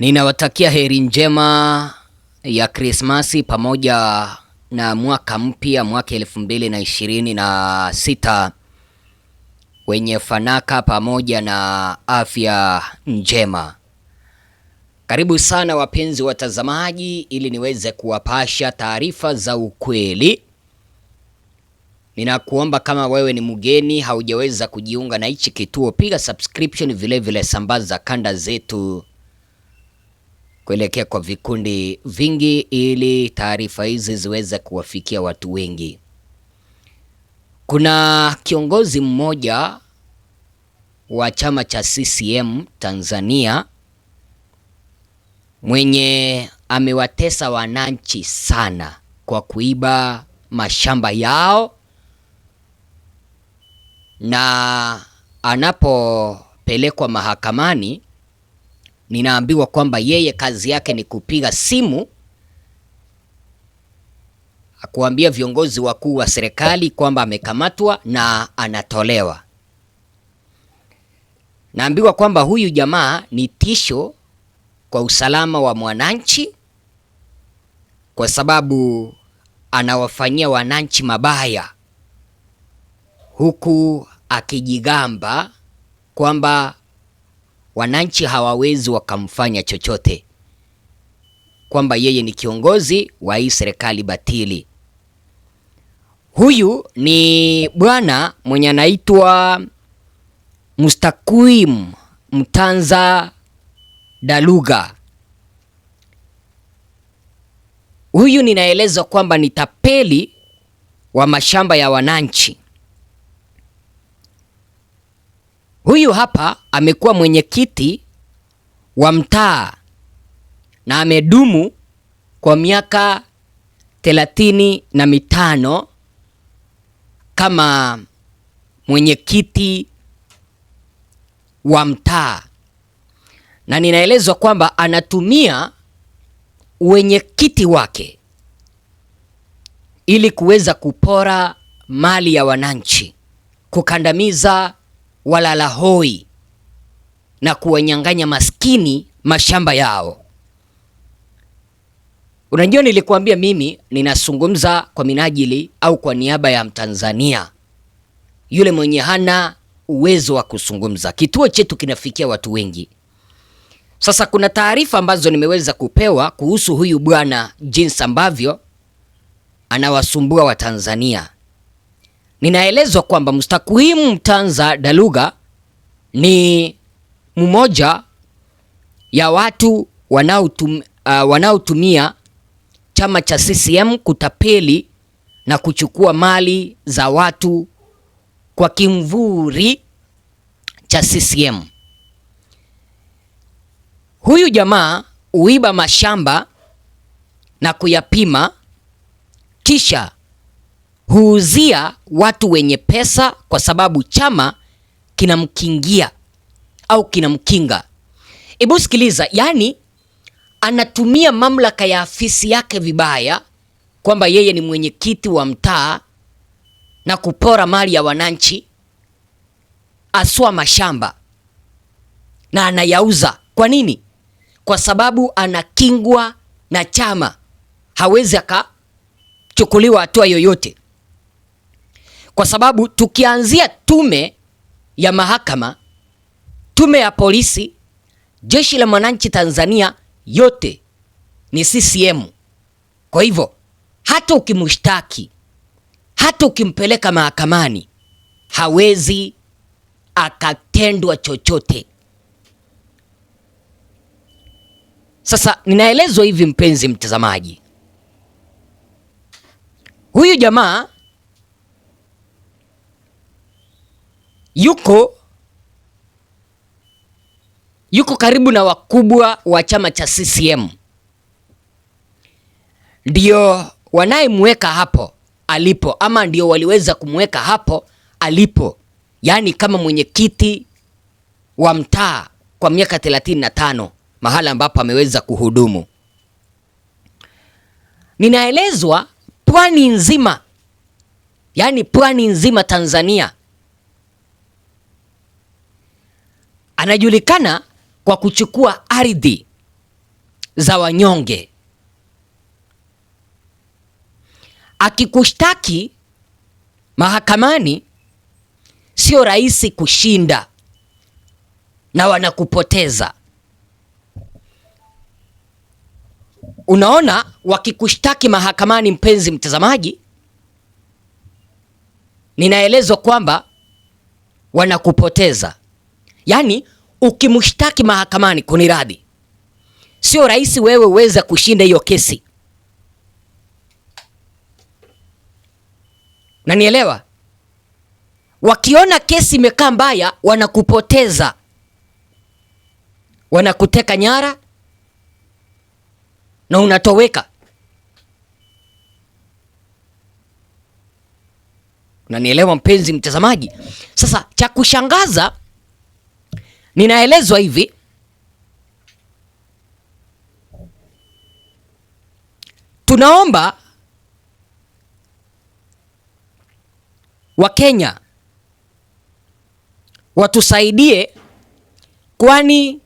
Ninawatakia heri njema ya Krismasi pamoja na mwaka mpya, mwaka elfu mbili na ishirini na sita wenye fanaka pamoja na afya njema. Karibu sana wapenzi watazamaji, ili niweze kuwapasha taarifa za ukweli. Ninakuomba kama wewe ni mgeni haujaweza kujiunga na hichi kituo, piga subscription, vilevile vile sambaza kanda zetu kuelekea kwa vikundi vingi ili taarifa hizi ziweze kuwafikia watu wengi. Kuna kiongozi mmoja wa chama cha CCM Tanzania mwenye amewatesa wananchi sana kwa kuiba mashamba yao, na anapopelekwa mahakamani ninaambiwa kwamba yeye kazi yake ni kupiga simu akuambia viongozi wakuu wa serikali kwamba amekamatwa na anatolewa. Naambiwa kwamba huyu jamaa ni tisho kwa usalama wa mwananchi, kwa sababu anawafanyia wananchi mabaya, huku akijigamba kwamba wananchi hawawezi wakamfanya chochote, kwamba yeye ni kiongozi wa hii serikali batili. Huyu ni bwana mwenye anaitwa Mustakim Mtanza Daluga. Huyu ninaelezwa kwamba ni tapeli wa mashamba ya wananchi. Huyu hapa amekuwa mwenyekiti wa mtaa na amedumu kwa miaka thelathini na mitano kama mwenyekiti wa mtaa, na ninaelezwa kwamba anatumia wenyekiti wake ili kuweza kupora mali ya wananchi, kukandamiza walala hoi na kuwanyang'anya maskini mashamba yao. Unajua, nilikuambia mimi ninazungumza kwa minajili au kwa niaba ya Mtanzania yule mwenye hana uwezo wa kuzungumza. Kituo chetu kinafikia watu wengi. Sasa kuna taarifa ambazo nimeweza kupewa kuhusu huyu bwana, jinsi ambavyo anawasumbua Watanzania. Ninaelezwa kwamba Mstakimu Mtanza Daluga ni mmoja ya watu wanaotumia uh, wanaotumia chama cha CCM kutapeli na kuchukua mali za watu kwa kimvuri cha CCM. Huyu jamaa huiba mashamba na kuyapima kisha huuzia watu wenye pesa kwa sababu chama kinamkingia au kinamkinga. Hebu sikiliza, yani anatumia mamlaka ya afisi yake vibaya, kwamba yeye ni mwenyekiti wa mtaa na kupora mali ya wananchi, aswa mashamba na anayauza. Kwa nini? Kwa sababu anakingwa na chama, hawezi akachukuliwa hatua yoyote kwa sababu tukianzia tume ya mahakama, tume ya polisi, jeshi la mwananchi Tanzania, yote ni CCM. Kwa hivyo hata ukimshtaki, hata ukimpeleka mahakamani, hawezi akatendwa chochote. Sasa ninaelezwa hivi, mpenzi mtazamaji, huyu jamaa yuko yuko karibu na wakubwa wa chama cha CCM, ndio wanayemweka hapo alipo, ama ndio waliweza kumweka hapo alipo, yaani kama mwenyekiti wa mtaa kwa miaka 35 mahala ambapo ameweza kuhudumu. Ninaelezwa pwani nzima, yaani pwani nzima Tanzania Anajulikana kwa kuchukua ardhi za wanyonge. Akikushtaki mahakamani, sio rahisi kushinda na wanakupoteza. Unaona, wakikushtaki mahakamani, mpenzi mtazamaji, ninaelezwa kwamba wanakupoteza. Yaani ukimshtaki mahakamani, kuniradhi, sio rahisi wewe uweza kushinda hiyo kesi, nanielewa. Wakiona kesi imekaa mbaya, wanakupoteza, wanakuteka nyara na unatoweka, nanielewa mpenzi mtazamaji. Sasa cha kushangaza Ninaelezwa hivi, tunaomba Wakenya watusaidie, kwani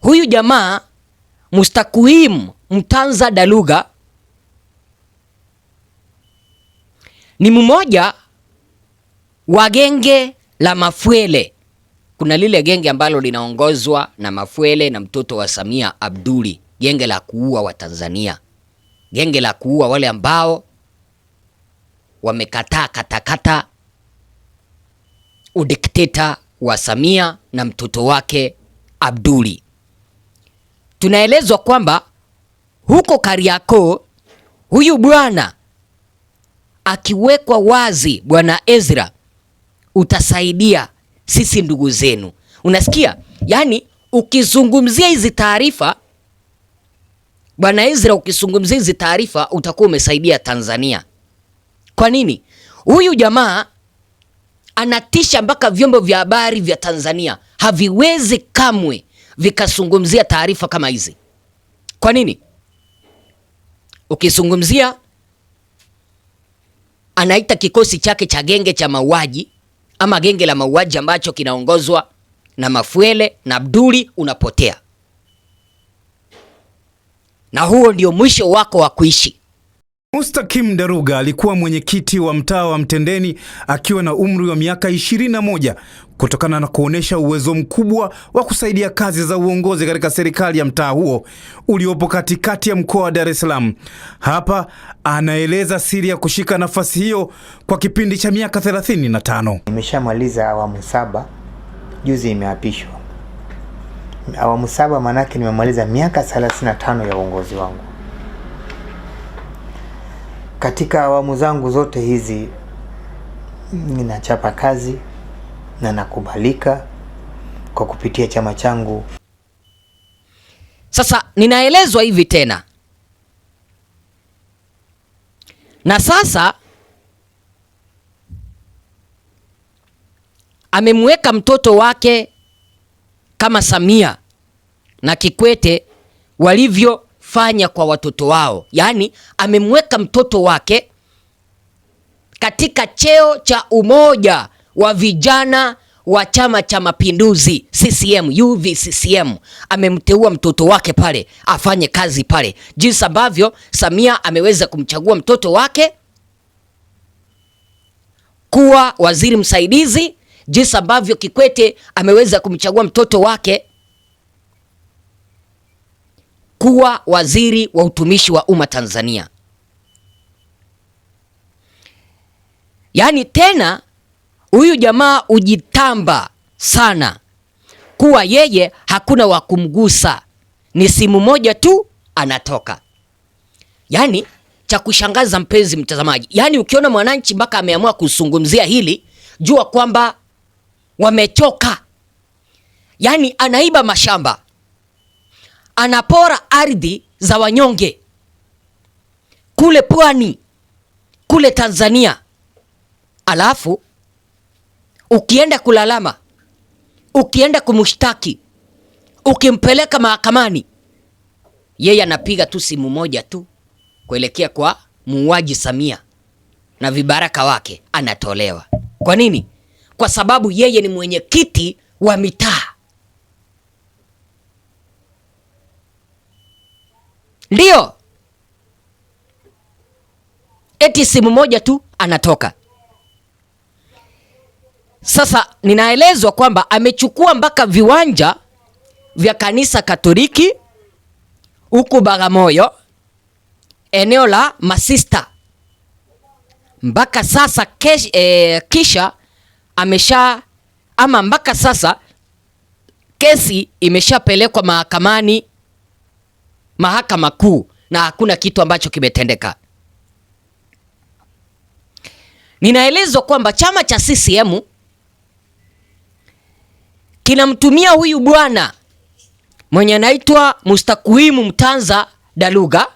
huyu jamaa mustaquim Mtanza Daluga ni mmoja wa genge la Mafwele kuna lile genge ambalo linaongozwa na Mafuele na mtoto wa Samia Abduli, genge la kuua Watanzania, genge la kuua wale ambao wamekataa katakata udikteta wa Samia na mtoto wake Abduli. Tunaelezwa kwamba huko Kariakoo huyu bwana akiwekwa wazi, bwana Ezra, utasaidia sisi ndugu zenu. Unasikia? Yaani ukizungumzia hizi taarifa Bwana Ezra, ukizungumzia hizi taarifa utakuwa umesaidia Tanzania. Kwa nini? Huyu jamaa anatisha mpaka vyombo vya habari vya Tanzania haviwezi kamwe vikazungumzia taarifa kama hizi. Kwa nini? Ukizungumzia anaita kikosi chake cha genge cha mauaji ama genge la mauaji ambacho kinaongozwa na Mafuele na Abduli unapotea, na huo ndio mwisho wako wa kuishi. Mustakim Daruga alikuwa mwenyekiti wa mtaa wa Mtendeni akiwa na umri wa miaka 21 kutokana na kuonesha uwezo mkubwa wa kusaidia kazi za uongozi katika serikali ya mtaa huo uliopo katikati ya mkoa wa Dar es Salaam. Hapa anaeleza siri ya kushika nafasi hiyo kwa kipindi cha miaka 35. Nimeshamaliza awamu saba, juzi imeapishwa awamu saba, maanake nimemaliza miaka 35 ya uongozi wangu katika awamu zangu zote hizi ninachapa kazi na nakubalika kwa kupitia chama changu. Sasa ninaelezwa hivi tena, na sasa amemweka mtoto wake kama Samia na Kikwete walivyo kufanya kwa watoto wao. Yaani amemweka mtoto wake katika cheo cha umoja wa vijana wa Chama cha Mapinduzi CCM UVCCM, amemteua mtoto wake pale afanye kazi pale, jinsi ambavyo Samia ameweza kumchagua mtoto wake kuwa waziri msaidizi, jinsi ambavyo Kikwete ameweza kumchagua mtoto wake kuwa waziri wa utumishi wa umma Tanzania. Yaani tena huyu jamaa ujitamba sana kuwa yeye hakuna wa kumgusa, ni simu moja tu anatoka. Yaani cha kushangaza, mpenzi mtazamaji, yaani ukiona Mwananchi mpaka ameamua kuzungumzia hili, jua kwamba wamechoka. Yaani anaiba mashamba anapora ardhi za wanyonge kule pwani kule Tanzania, alafu ukienda kulalama, ukienda kumshtaki, ukimpeleka mahakamani, yeye anapiga tu simu moja tu kuelekea kwa muuaji Samia na vibaraka wake, anatolewa. Kwa nini? Kwa sababu yeye ni mwenyekiti wa mitaa. Ndio, eti simu moja tu anatoka. Sasa ninaelezwa kwamba amechukua mpaka viwanja vya kanisa Katoliki huku Bagamoyo, eneo la masista mpaka sasa kesh, eh, kisha amesha ama mpaka sasa kesi imeshapelekwa mahakamani mahakama kuu na hakuna kitu ambacho kimetendeka. Ninaelezwa kwamba chama cha CCM kinamtumia huyu bwana mwenye anaitwa Mustakuimu Mtanza Daluga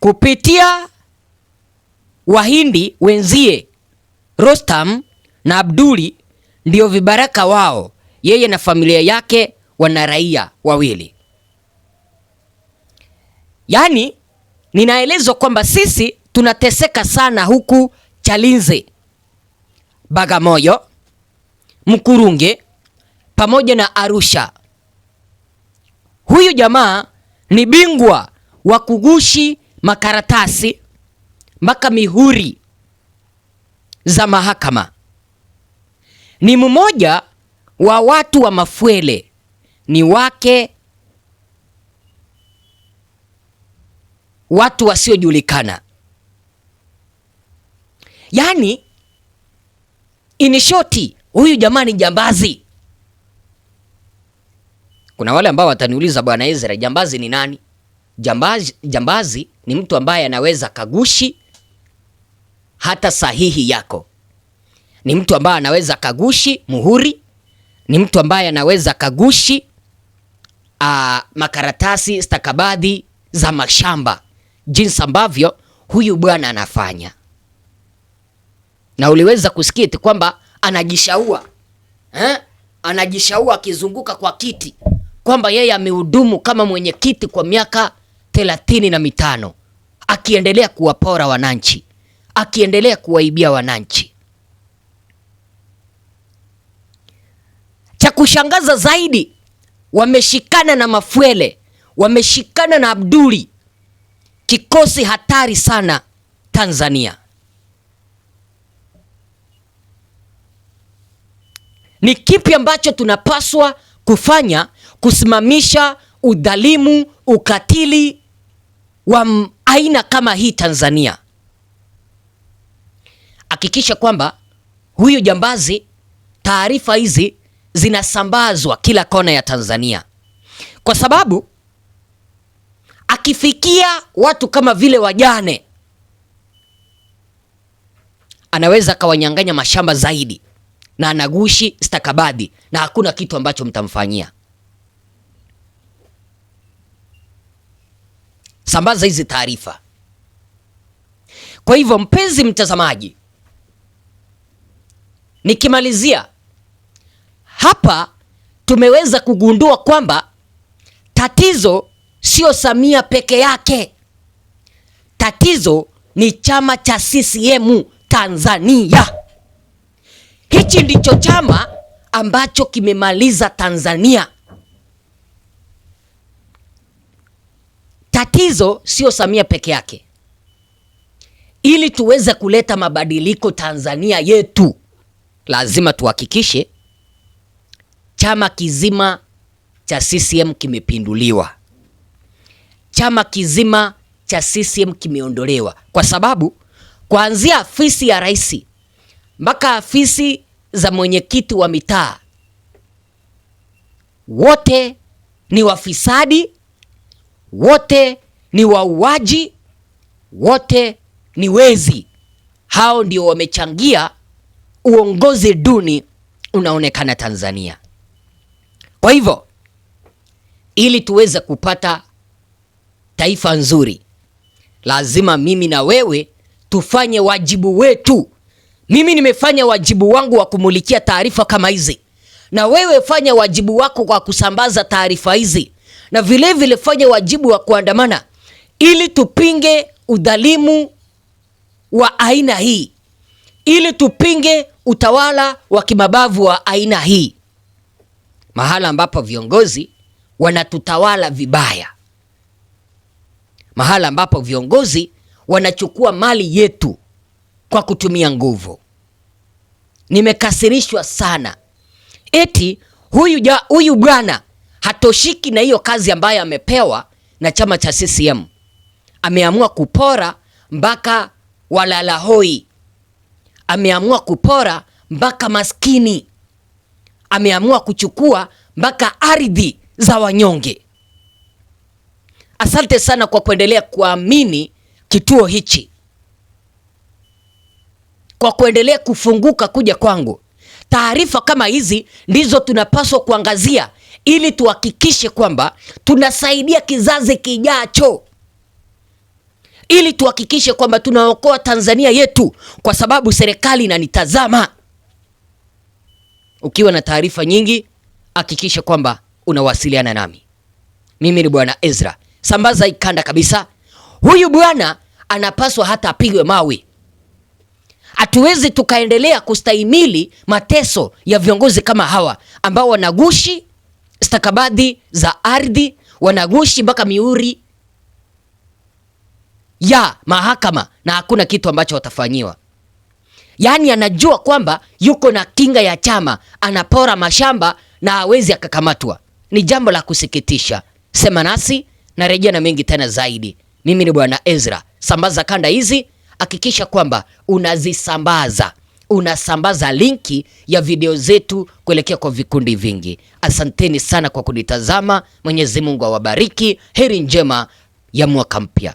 kupitia Wahindi wenzie Rostam na Abduli ndio vibaraka wao yeye na familia yake wana raia wawili. Yaani ninaelezwa kwamba sisi tunateseka sana huku Chalinze, Bagamoyo, Mkurunge pamoja na Arusha. Huyu jamaa ni bingwa wa kugushi makaratasi mpaka mihuri za mahakama. Ni mmoja wa watu wa Mafwele ni wake watu wasiojulikana. Yaani inishoti, huyu jamaa ni jambazi. Kuna wale ambao wataniuliza Bwana Ezra, jambazi ni nani? Jambazi, jambazi ni mtu ambaye anaweza kagushi hata sahihi yako, ni mtu ambaye anaweza kagushi muhuri ni mtu ambaye anaweza kagushi a, ah, makaratasi stakabadhi za mashamba, jinsi ambavyo huyu bwana anafanya, na uliweza kusikia eti kwamba anajishaua eh? Anajishaua akizunguka kwa kiti kwamba yeye amehudumu kama mwenyekiti kwa miaka thelathini na mitano akiendelea kuwapora wananchi, akiendelea kuwaibia wananchi. Cha kushangaza zaidi, wameshikana na mafwele wameshikana na Abduli, kikosi hatari sana Tanzania. Ni kipi ambacho tunapaswa kufanya kusimamisha udhalimu, ukatili wa aina kama hii Tanzania? Hakikisha kwamba huyu jambazi, taarifa hizi zinasambazwa kila kona ya Tanzania, kwa sababu akifikia watu kama vile wajane, anaweza akawanyang'anya mashamba zaidi, na anagushi stakabadhi, na hakuna kitu ambacho mtamfanyia. Sambaza hizi taarifa. Kwa hivyo, mpenzi mtazamaji, nikimalizia hapa tumeweza kugundua kwamba tatizo sio Samia peke yake, tatizo ni chama cha CCM Tanzania. Hichi ndicho chama ambacho kimemaliza Tanzania. Tatizo sio Samia peke yake. Ili tuweze kuleta mabadiliko Tanzania yetu, lazima tuhakikishe Chama kizima cha CCM kimepinduliwa, chama kizima cha CCM kimeondolewa, kwa sababu kuanzia afisi ya rais mpaka afisi za mwenyekiti wa mitaa wote ni wafisadi, wote ni wauaji, wote ni wezi. Hao ndio wamechangia uongozi duni unaonekana Tanzania. Kwa hivyo ili tuweze kupata taifa nzuri, lazima mimi na wewe tufanye wajibu wetu. Mimi nimefanya wajibu wangu wa kumulikia taarifa kama hizi, na wewe fanya wajibu wako kwa kusambaza taarifa hizi, na vilevile vile fanya wajibu wa kuandamana ili tupinge udhalimu wa aina hii, ili tupinge utawala wa kimabavu wa aina hii mahala ambapo viongozi wanatutawala vibaya, mahala ambapo viongozi wanachukua mali yetu kwa kutumia nguvu. Nimekasirishwa sana. Eti huyu, ja, huyu bwana hatoshiki na hiyo kazi ambayo amepewa na chama cha CCM. Ameamua kupora mpaka walalahoi, ameamua kupora mpaka maskini ameamua kuchukua mpaka ardhi za wanyonge. Asante sana kwa kuendelea kuamini kituo hichi, kwa kuendelea kufunguka kuja kwangu. Taarifa kama hizi ndizo tunapaswa kuangazia ili tuhakikishe kwamba tunasaidia kizazi kijacho, ili tuhakikishe kwamba tunaokoa Tanzania yetu, kwa sababu serikali inanitazama. Ukiwa na taarifa nyingi, hakikisha kwamba unawasiliana nami. Mimi ni Bwana Ezra, sambaza ikanda kabisa. Huyu bwana anapaswa hata apigwe mawe. Hatuwezi tukaendelea kustahimili mateso ya viongozi kama hawa ambao wanagushi stakabadhi za ardhi, wanagushi mpaka miuri ya mahakama na hakuna kitu ambacho watafanyiwa. Yaani anajua kwamba yuko na kinga ya chama, anapora mashamba na awezi akakamatwa. Ni jambo la kusikitisha. Sema nasi na rejea na mengi tena zaidi. Mimi ni Bwana Ezra. Sambaza kanda hizi, hakikisha kwamba unazisambaza, unasambaza linki ya video zetu kuelekea kwa vikundi vingi. Asanteni sana kwa kunitazama. Mwenyezi Mungu awabariki. Heri njema ya mwaka mpya.